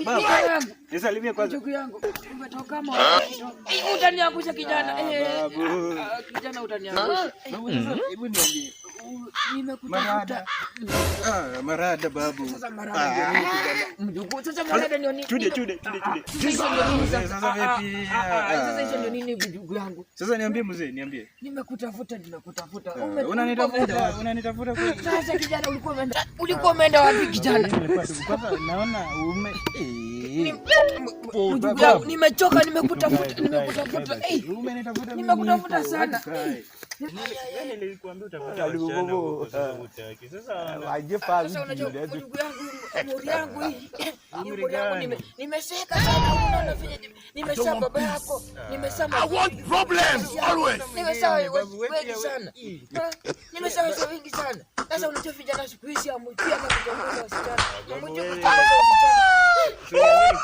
Man, man, man. Nisalimie kwanza. Ndugu yangu, umetoka utaniangusha kijana. Ah, eh, ah, kijana utaniangusha. Ah, eh, mm-hmm. Hebu niambie. Nimekutafuta. Ah, marada babu. Sasa marada. Mjukuu, sasa marada ni nini? Tude, tude, tude, tude. Sasa vipi? Sasa hicho ndio nini mjukuu yangu? Sasa niambie mzee, niambie. Nimekutafuta, nimekutafuta. Unanitafuta, unanitafuta kweli? Sasa kijana ulikuwa umeenda ulikuwa umeenda wapi kijana? Nilikuwa naona ume eh nimechoka, nimekutafuta, nimekutafuta, nimekutafuta sana. sana, Sasa unajua vijana siku hizi wasichana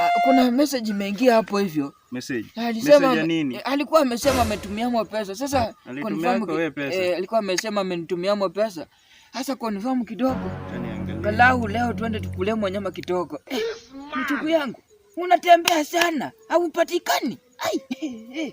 Ah, kuna message imeingia hapo hivyo. Message. Alisema nini? Alikuwa amesema mwa pesa. Sasa confirm wewe pesa. Eh, alikuwa amesema mwa pesa. Sasa confirm kidogo. Galau leo twende tukule nyama kidogo. Eh, mtuku yangu. Unatembea sana, haupatikani. Ai. Eh, eh.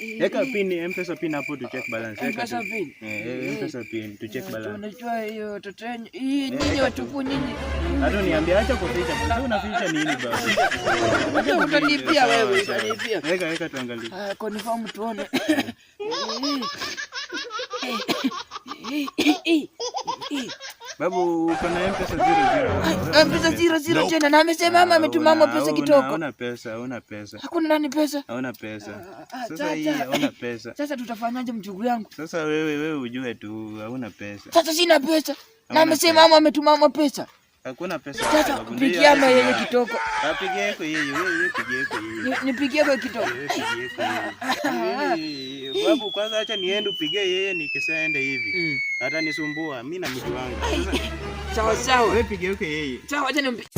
Weka pin Mpesa pin hapo tu check balance. Weka Mpesa pin. Eh, Mpesa pin tu check ah, balance. Unajua hiyo toto yenu. Hii eh. nyinyi watupu nyinyi. Hata niambia acha kuficha. Sasa unaficha nini basi? Wacha utanipia wewe, utanipia. Weka weka tuangalie. Ah, confirm tuone. Eh. Eh. Babu uko na zero zero. M-Pesa ziro tena na amesema mama ametuma mama pesa kitoko. Hauna pesa, hauna pesa. Hakuna nani pesa? Hauna pesa. Ah, ah, ah, Sasa hii hauna pesa. Sasa tutafanyaje mchukuu yangu? Sasa wewe wewe ujue tu hauna pesa. Sasa sina pesa. Na amesema mama ametuma mama pesa. Hakuna pesa. Sasa pigia ama yeye kitoko. Apigie yako yeye, wewe pigie yako yeye. Nipigie kwa kitoko. Babu kwanza acha niende upigie yeye nikisaende hivi. Hata mm. nisumbua mimi na mtu wangu. Sawa sawa. Wewe pigie yako yeye. Sawa acha nimpigie.